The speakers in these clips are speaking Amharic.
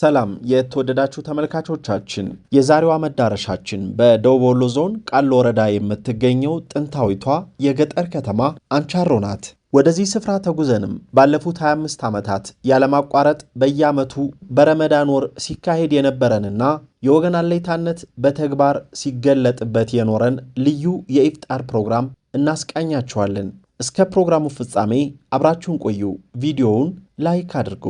ሰላም የተወደዳችሁ ተመልካቾቻችን፣ የዛሬዋ መዳረሻችን በደቡብ ወሎ ዞን ቃል ወረዳ የምትገኘው ጥንታዊቷ የገጠር ከተማ አንቻሮ ናት። ወደዚህ ስፍራ ተጉዘንም ባለፉት 25 ዓመታት ያለማቋረጥ በየዓመቱ በረመዳን ወር ሲካሄድ የነበረንና የወገን አለይታነት በተግባር ሲገለጥበት የኖረን ልዩ የኢፍጣር ፕሮግራም እናስቃኛችኋለን። እስከ ፕሮግራሙ ፍጻሜ አብራችሁን ቆዩ። ቪዲዮውን ላይክ አድርጉ።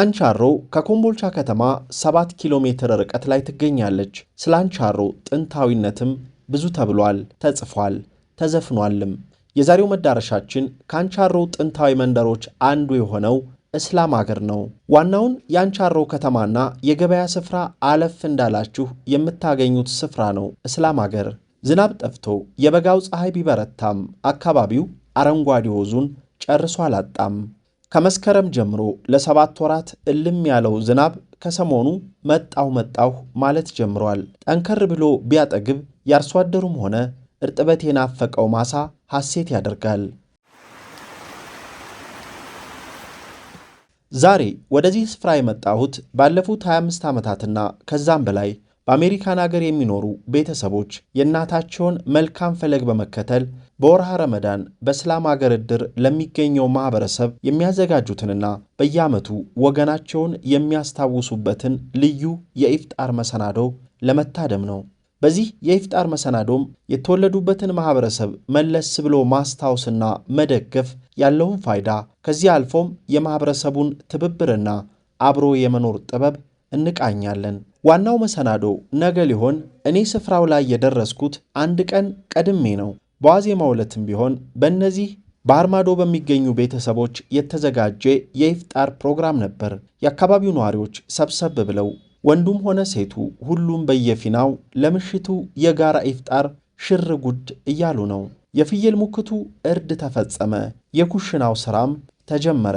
አንቻሮ ከኮምቦልቻ ከተማ 7 ኪሎ ሜትር ርቀት ላይ ትገኛለች። ስለ አንቻሮ ጥንታዊነትም ብዙ ተብሏል፣ ተጽፏል፣ ተዘፍኗልም። የዛሬው መዳረሻችን ከአንቻሮ ጥንታዊ መንደሮች አንዱ የሆነው እስላም አገር ነው። ዋናውን የአንቻሮ ከተማና የገበያ ስፍራ አለፍ እንዳላችሁ የምታገኙት ስፍራ ነው እስላም አገር። ዝናብ ጠፍቶ የበጋው ፀሐይ ቢበረታም አካባቢው አረንጓዴ ወዙን ጨርሶ አላጣም። ከመስከረም ጀምሮ ለሰባት ወራት እልም ያለው ዝናብ ከሰሞኑ መጣሁ መጣሁ ማለት ጀምሯል። ጠንከር ብሎ ቢያጠግብ ያርሶ አደሩም ሆነ እርጥበት የናፈቀው ማሳ ሐሴት ያደርጋል። ዛሬ ወደዚህ ስፍራ የመጣሁት ባለፉት 25 ዓመታትና ከዛም በላይ በአሜሪካን አገር የሚኖሩ ቤተሰቦች የእናታቸውን መልካም ፈለግ በመከተል በወርሃ ረመዳን በእስላም አገር ዕድር ለሚገኘው ማኅበረሰብ የሚያዘጋጁትንና በየዓመቱ ወገናቸውን የሚያስታውሱበትን ልዩ የኢፍጣር መሰናዶ ለመታደም ነው። በዚህ የኢፍጣር መሰናዶም የተወለዱበትን ማኅበረሰብ መለስ ብሎ ማስታወስና መደገፍ ያለውን ፋይዳ ከዚህ አልፎም የማኅበረሰቡን ትብብርና አብሮ የመኖር ጥበብ እንቃኛለን። ዋናው መሰናዶ ነገ ሊሆን እኔ ስፍራው ላይ የደረስኩት አንድ ቀን ቀድሜ ነው። በዋዜ ዕለትም ቢሆን በእነዚህ በአርማዶ በሚገኙ ቤተሰቦች የተዘጋጀ የኢፍጣር ፕሮግራም ነበር። የአካባቢው ነዋሪዎች ሰብሰብ ብለው ወንዱም ሆነ ሴቱ ሁሉም በየፊናው ለምሽቱ የጋራ ኢፍጣር ሽር ጉድ እያሉ ነው። የፍየል ሙክቱ እርድ ተፈጸመ። የኩሽናው ሥራም ተጀመረ።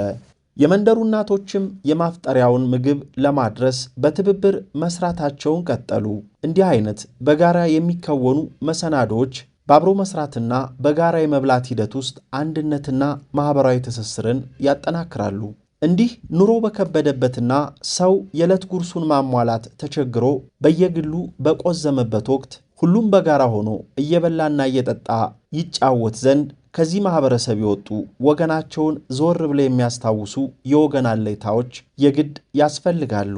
የመንደሩ እናቶችም የማፍጠሪያውን ምግብ ለማድረስ በትብብር መስራታቸውን ቀጠሉ። እንዲህ አይነት በጋራ የሚከወኑ መሰናዶዎች በአብሮ መስራትና በጋራ የመብላት ሂደት ውስጥ አንድነትና ማኅበራዊ ትስስርን ያጠናክራሉ። እንዲህ ኑሮ በከበደበትና ሰው የዕለት ጉርሱን ማሟላት ተቸግሮ በየግሉ በቆዘመበት ወቅት ሁሉም በጋራ ሆኖ እየበላና እየጠጣ ይጫወት ዘንድ ከዚህ ማህበረሰብ የወጡ ወገናቸውን ዞር ብለው የሚያስታውሱ የወገን አለኝታዎች የግድ ያስፈልጋሉ።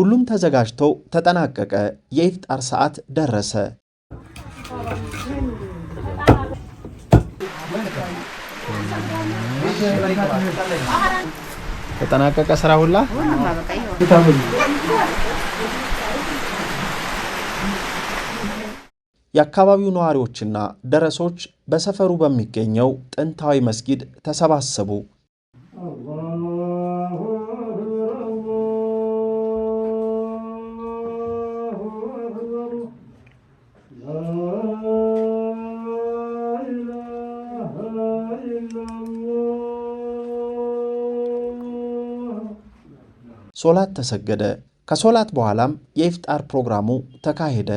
ሁሉም ተዘጋጅተው ተጠናቀቀ። የኢፍጣር ሰዓት ደረሰ። ተጠናቀቀ ስራ ሁላ የአካባቢው ነዋሪዎችና ደረሶች በሰፈሩ በሚገኘው ጥንታዊ መስጊድ ተሰባሰቡ። ሶላት ተሰገደ። ከሶላት በኋላም የኢፍጣር ፕሮግራሙ ተካሄደ።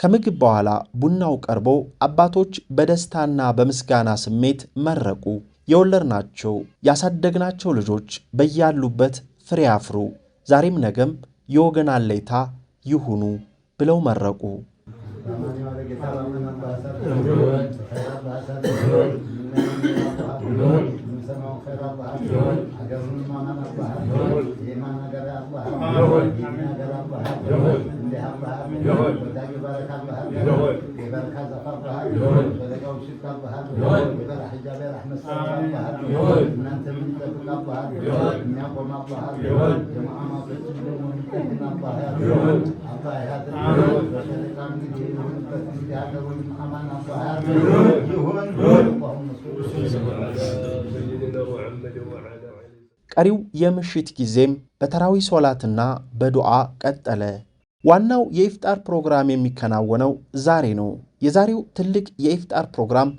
ከምግብ በኋላ ቡናው ቀርቦ አባቶች በደስታና በምስጋና ስሜት መረቁ። የወለድናቸው ያሳደግናቸው ልጆች በያሉበት ፍሬ አፍሩ፣ ዛሬም ነገም የወገን አለይታ ይሁኑ ብለው መረቁ። አባህ ይሁን። ሀገሩን ማማን አባህ ይሁን። የማን ነገር አባህ ይሁን። ይሁን ይሁን ቀሪው የምሽት ጊዜም በተራዊ ሶላትና በዱዓ ቀጠለ። ዋናው የኢፍጣር ፕሮግራም የሚከናወነው ዛሬ ነው። የዛሬው ትልቅ የኢፍጣር ፕሮግራም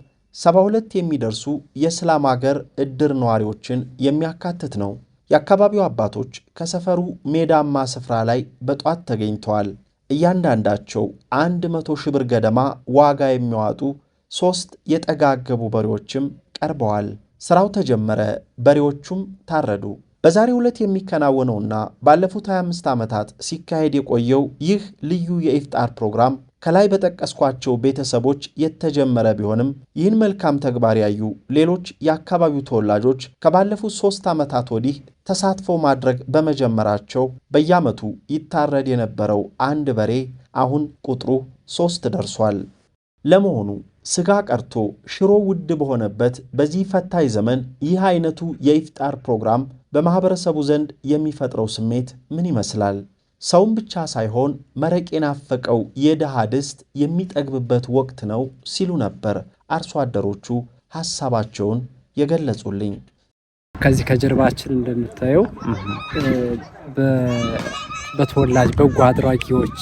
72 የሚደርሱ የእስላም አገር እድር ነዋሪዎችን የሚያካትት ነው። የአካባቢው አባቶች ከሰፈሩ ሜዳማ ስፍራ ላይ በጧት ተገኝተዋል። እያንዳንዳቸው አንድ መቶ ሺህ ብር ገደማ ዋጋ የሚያወጡ ሦስት የጠጋገቡ በሬዎችም ቀርበዋል። ስራው ተጀመረ፣ በሬዎቹም ታረዱ። በዛሬው ዕለት የሚከናወነውና ባለፉት 25 ዓመታት ሲካሄድ የቆየው ይህ ልዩ የኢፍጣር ፕሮግራም ከላይ በጠቀስኳቸው ቤተሰቦች የተጀመረ ቢሆንም ይህን መልካም ተግባር ያዩ ሌሎች የአካባቢው ተወላጆች ከባለፉት ሦስት ዓመታት ወዲህ ተሳትፎ ማድረግ በመጀመራቸው በየዓመቱ ይታረድ የነበረው አንድ በሬ አሁን ቁጥሩ ሦስት ደርሷል። ለመሆኑ ስጋ ቀርቶ ሽሮ ውድ በሆነበት በዚህ ፈታኝ ዘመን ይህ አይነቱ የኢፍጣር ፕሮግራም በማኅበረሰቡ ዘንድ የሚፈጥረው ስሜት ምን ይመስላል? ሰውም ብቻ ሳይሆን መረቅ የናፈቀው የድሃ ድስት የሚጠግብበት ወቅት ነው ሲሉ ነበር አርሶ አደሮቹ ሐሳባቸውን የገለጹልኝ። ከዚህ ከጀርባችን እንደምታየው በተወላጅ በጎ አድራጊዎች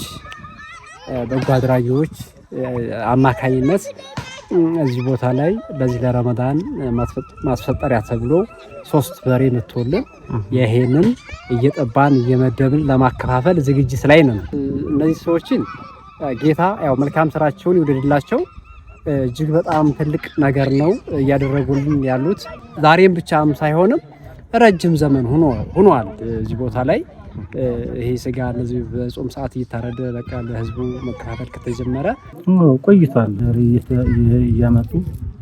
በጎ አድራጊዎች አማካኝነት እዚህ ቦታ ላይ በዚህ ለረመዳን ማስፈጠሪያ ተብሎ ሶስት በሬ ምትወልን ይሄንን እየጠባን እየመደብን ለማከፋፈል ዝግጅት ላይ ነን። እነዚህ ሰዎችን ጌታ ያው መልካም ስራቸውን ይውደድላቸው። እጅግ በጣም ትልቅ ነገር ነው እያደረጉልን ያሉት። ዛሬም ብቻም ሳይሆንም ረጅም ዘመን ሆኗል እዚህ ቦታ ላይ ይሄ ስጋ እነዚህ በጾም ሰዓት እየታረደ በቃ ለህዝቡ መከፋፈል ከተጀመረ ቆይቷል። እያመጡ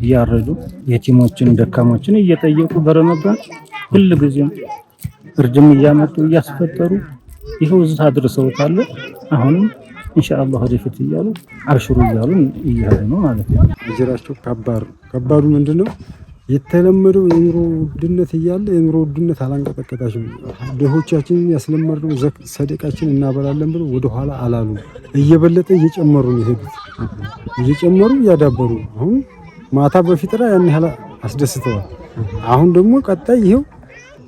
እያረዱ የቲሞችን ደካሞችን እየጠየቁ በረመዳን ሁል ጊዜም እርጅም እያመጡ እያስፈጠሩ ይኸው እዛ አድርሰውታል። አሁንም እንሻላ ወደፊት እያሉ አብሽሩ እያሉ እያሉ ነው ማለት ነው። ከባዱ ምንድን ነው? የተለመደው የኑሮ ውድነት እያለ የኑሮ ውድነት አላንቀጠቀጣችም። ድሆቻችንን ያስለመድነው ሰደቃችን እናበላለን ብለው ወደኋላ አላሉ። እየበለጠ እየጨመሩ ነው የሄዱት፣ እየጨመሩ እያዳበሩ አሁን ማታ በፊጥራ ያን ያህል አስደስተዋል። አሁን ደግሞ ቀጣይ ይሄው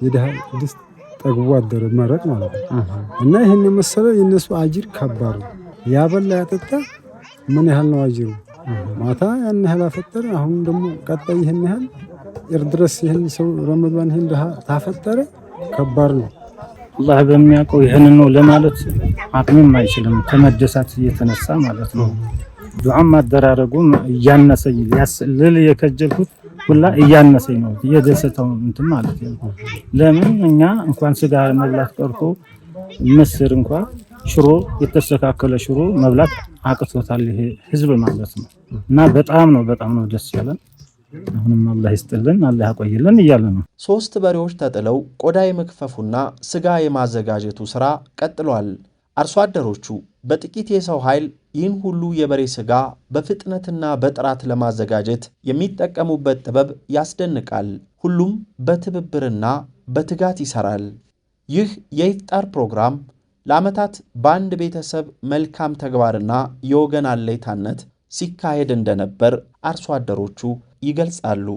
የድሃ ድስት ጠግቦ አደረ መረቅ ማለት ነው። እና ይህን የመሰለ የእነሱ አጅር ከባድ ነው። ያበላ ያጠጣ ምን ያህል ነው አጅሩ? ማታ ያን ያህል አፈጠር፣ አሁን ደግሞ ቀጣይ ይህን ያህል ድረስ ይህን ሰው ረመዳን ይህን ድሃ ታፈጠረ ከባድ ነው። አላህ በሚያውቀው ይህንን ነው ለማለት አቅምም አይችልም። ከመደሳት እየተነሳ ማለት ነው። ዱዓም አደራረጉም እያነሰኝ ልል የከጀልኩት ሁላ እያነሰኝ ነው እየደሰተው እንትን ማለት ነው። ለምን እኛ እንኳን ስጋ መብላት ቀርቶ ምስር እንኳ ሽሮ የተስተካከለ ሽሮ መብላት አቅቶታል ይሄ ህዝብ ማለት ነው። እና በጣም ነው በጣም ነው ደስ ያለን አሁንም አላህ ይስጥልን፣ አላህ ያቆይልን እያለ ነው። ሶስት በሬዎች ተጥለው ቆዳ የመክፈፉና ስጋ የማዘጋጀቱ ስራ ቀጥሏል። አርሶ አደሮቹ በጥቂት የሰው ኃይል ይህን ሁሉ የበሬ ስጋ በፍጥነትና በጥራት ለማዘጋጀት የሚጠቀሙበት ጥበብ ያስደንቃል። ሁሉም በትብብርና በትጋት ይሰራል። ይህ የኢፍጣር ፕሮግራም ለዓመታት በአንድ ቤተሰብ መልካም ተግባርና የወገን አለይታነት ሲካሄድ እንደነበር አርሶ አደሮቹ ይገልጻሉ።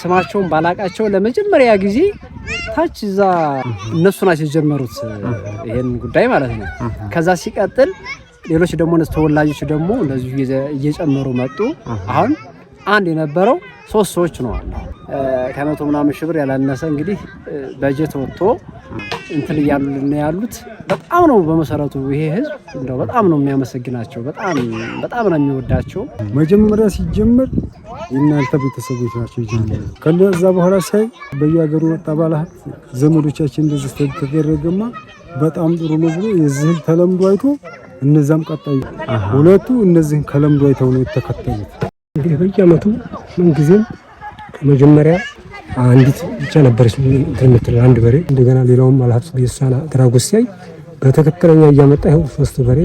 ስማቸውን ባላቃቸው ለመጀመሪያ ጊዜ ታች እዛ እነሱ ናቸው የጀመሩት ይሄን ጉዳይ ማለት ነው። ከዛ ሲቀጥል ሌሎች ደግሞ ተወላጆች ደግሞ እንደዚሁ እየጨመሩ መጡ። አሁን አንድ የነበረው ሶስት ሰዎች ነው አለ ከመቶ ምናምን ሺህ ብር ያላነሰ እንግዲህ በጀት ወጥቶ እንትን እያሉልን ያሉት በጣም ነው። በመሰረቱ ይሄ ህዝብ እንደው በጣም ነው የሚያመሰግናቸው፣ በጣም ነው የሚወዳቸው። መጀመሪያ ሲጀምር የእናንተ ቤተሰቦች ናቸው ይጀምሩ። ከዛ በኋላ ሳይ በየሀገሩ ወጣ ባለሀብት ዘመዶቻችን እንደዚህ ተደረገማ በጣም ጥሩ ነው ብሎ የዚህን ተለምዶ አይቶ እነዛም ቀጣይ ሁለቱ እነዚህን ከለምዶ አይተው ነው የተከተሉት እንግዲህ በየአመቱ ምን ምንጊዜም ከመጀመሪያ አንዲት ብቻ ነበረች ትምትል አንድ በሬ እንደገና ሌላውም አልሀብስ ቤሳና ድራጎስ ሲያይ በትክክለኛ እያመጣ ይኸው ሶስት በሬ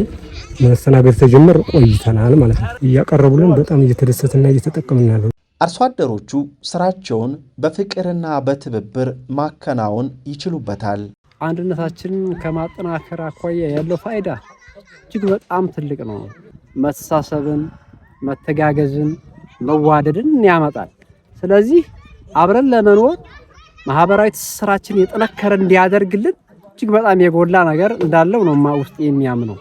መስተናገድ ተጀመር ቆይተናል ማለት ነው። እያቀረቡልን በጣም እየተደሰትና እየተጠቀምና ያለ አርሶ አደሮቹ ስራቸውን በፍቅርና በትብብር ማከናወን ይችሉበታል። አንድነታችንን ከማጠናከር አኳያ ያለው ፋይዳ እጅግ በጣም ትልቅ ነው። መተሳሰብን፣ መተጋገዝን መዋደድን ያመጣል። ስለዚህ አብረን ለመኖር ማህበራዊ ትስስራችን የጠነከረ እንዲያደርግልን እጅግ በጣም የጎላ ነገር እንዳለው ነው ማ ውስጥ የሚያምነው።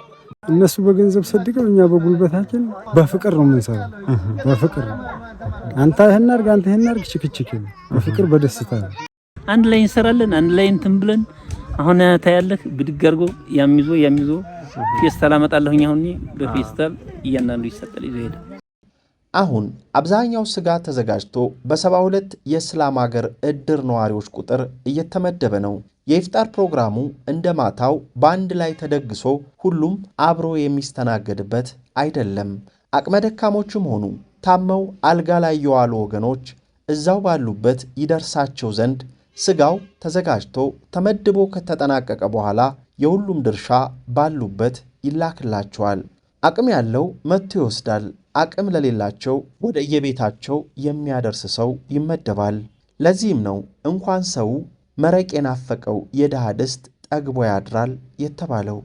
እነሱ በገንዘብ ሰድቀው እኛ በጉልበታችን በፍቅር ነው የምንሰራው። በፍቅር ነው አንተ ይህን አድርግ አንተ ይህን አድርግ ችክችክ በፍቅር በደስታ ነው አንድ ላይ እንሰራለን። አንድ ላይ እንትን ብለን አሁን ታያለህ ብድግ አድርጎ ያሚዞ ያሚዞ ፌስታል አመጣለሁኝ። አሁን በፌስታል እያንዳንዱ ይሰጠል ይዞ ሄደ አሁን አብዛኛው ስጋ ተዘጋጅቶ በሰባ ሁለት የእስላም አገር እድር ነዋሪዎች ቁጥር እየተመደበ ነው። የኢፍጣር ፕሮግራሙ እንደ ማታው በአንድ ላይ ተደግሶ ሁሉም አብሮ የሚስተናገድበት አይደለም። አቅመ ደካሞችም ሆኑ ታመው አልጋ ላይ የዋሉ ወገኖች እዛው ባሉበት ይደርሳቸው ዘንድ ስጋው ተዘጋጅቶ ተመድቦ ከተጠናቀቀ በኋላ የሁሉም ድርሻ ባሉበት ይላክላቸዋል። አቅም ያለው መጥቶ ይወስዳል። አቅም ለሌላቸው ወደ የቤታቸው የሚያደርስ ሰው ይመደባል። ለዚህም ነው እንኳን ሰው መረቅ የናፈቀው የድሃ ድስት ጠግቦ ያድራል የተባለው።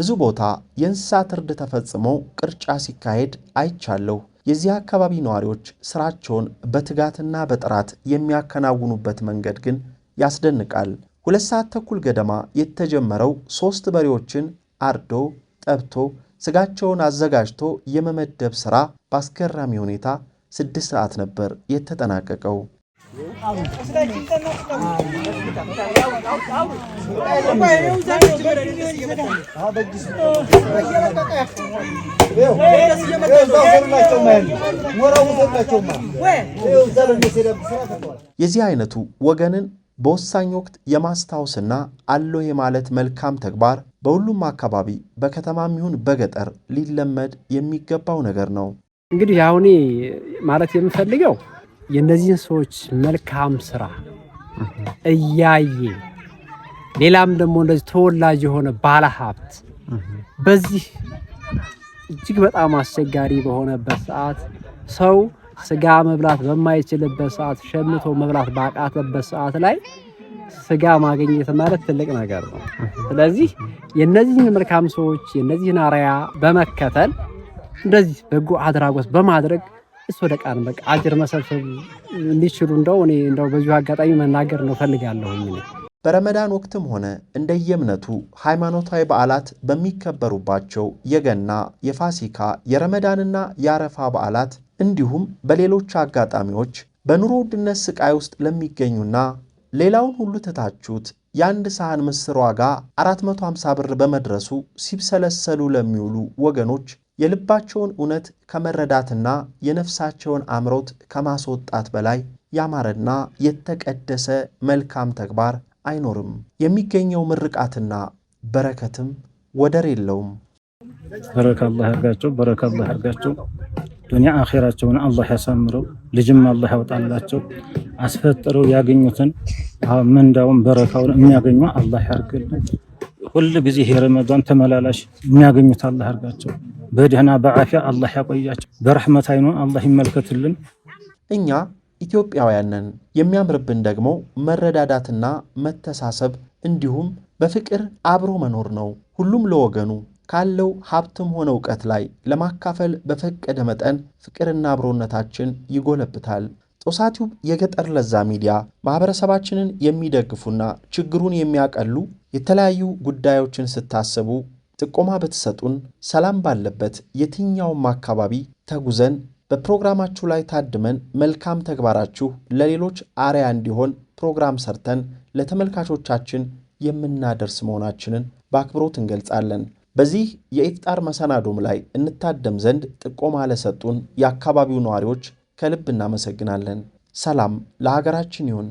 ብዙ ቦታ የእንስሳት እርድ ተፈጽሞ ቅርጫ ሲካሄድ አይቻለሁ። የዚህ አካባቢ ነዋሪዎች ስራቸውን በትጋትና በጥራት የሚያከናውኑበት መንገድ ግን ያስደንቃል። ሁለት ሰዓት ተኩል ገደማ የተጀመረው ሦስት በሬዎችን አርዶ ጠብቶ ስጋቸውን አዘጋጅቶ የመመደብ ሥራ በአስገራሚ ሁኔታ ስድስት ሰዓት ነበር የተጠናቀቀው። የዚህ አይነቱ ወገንን በወሳኝ ወቅት የማስታወስና አለው የማለት መልካም ተግባር በሁሉም አካባቢ በከተማም ይሁን በገጠር ሊለመድ የሚገባው ነገር ነው። እንግዲህ አሁን ማለት የምፈልገው የእነዚህን ሰዎች መልካም ስራ እያየ ሌላም ደግሞ እንደዚህ ተወላጅ የሆነ ባለ ሀብት በዚህ እጅግ በጣም አስቸጋሪ በሆነበት ሰዓት ሰው ስጋ መብላት በማይችልበት ሰዓት ሸምቶ መብላት ባቃተበት ሰዓት ላይ ስጋ ማግኘት ማለት ትልቅ ነገር ነው። ስለዚህ የእነዚህን መልካም ሰዎች የእነዚህን አርያ በመከተል እንደዚህ በጎ አድራጎት በማድረግ ሶደቃ ነው በቃ አጅር መሰብሰብ እንዲችሉ እንደው እኔ እንደው በዚሁ አጋጣሚ መናገር ነው ፈልጋለሁ። በረመዳን ወቅትም ሆነ እንደየእምነቱ ሃይማኖታዊ በዓላት በሚከበሩባቸው የገና፣ የፋሲካ፣ የረመዳንና የአረፋ በዓላት እንዲሁም በሌሎች አጋጣሚዎች በኑሮ ውድነት ስቃይ ውስጥ ለሚገኙና ሌላውን ሁሉ ትታችሁት የአንድ ሳህን ምስር ዋጋ 450 ብር በመድረሱ ሲብሰለሰሉ ለሚውሉ ወገኖች የልባቸውን እውነት ከመረዳትና የነፍሳቸውን አምሮት ከማስወጣት በላይ ያማረና የተቀደሰ መልካም ተግባር አይኖርም። የሚገኘው ምርቃትና በረከትም ወደር የለውም። በረካ አላህ ያርጋቸው፣ በረካ አላህ ያርጋቸው። ዱኒያ አኼራቸውን አላህ ያሳምረው፣ ልጅም አላህ ያወጣላቸው። አስፈጥረው ያገኙትን ምንዳውን በረካውን የሚያገኙ አላህ ያርግልን። ሁል ጊዜ ይሄ ተመላላሽ የሚያገኙት አላህ ያርጋቸው። በደህና በአፊያ አላህ ያቆያቸው፣ በረሕመት አይኑን አላህ ይመልከትልን። እኛ ኢትዮጵያውያንን የሚያምርብን ደግሞ መረዳዳትና መተሳሰብ እንዲሁም በፍቅር አብሮ መኖር ነው። ሁሉም ለወገኑ ካለው ሀብትም ሆነ እውቀት ላይ ለማካፈል በፈቀደ መጠን ፍቅርና አብሮነታችን ይጎለብታል። ጦሳቲዩብ የገጠር ለዛ ሚዲያ ማህበረሰባችንን የሚደግፉና ችግሩን የሚያቀሉ የተለያዩ ጉዳዮችን ስታስቡ ጥቆማ ብትሰጡን ሰላም ባለበት የትኛውም አካባቢ ተጉዘን በፕሮግራማችሁ ላይ ታድመን መልካም ተግባራችሁ ለሌሎች አርያ እንዲሆን ፕሮግራም ሰርተን ለተመልካቾቻችን የምናደርስ መሆናችንን በአክብሮት እንገልጻለን። በዚህ የኢፍጣር መሰናዶም ላይ እንታደም ዘንድ ጥቆማ ለሰጡን የአካባቢው ነዋሪዎች ከልብ እናመሰግናለን። ሰላም ለሀገራችን ይሁን።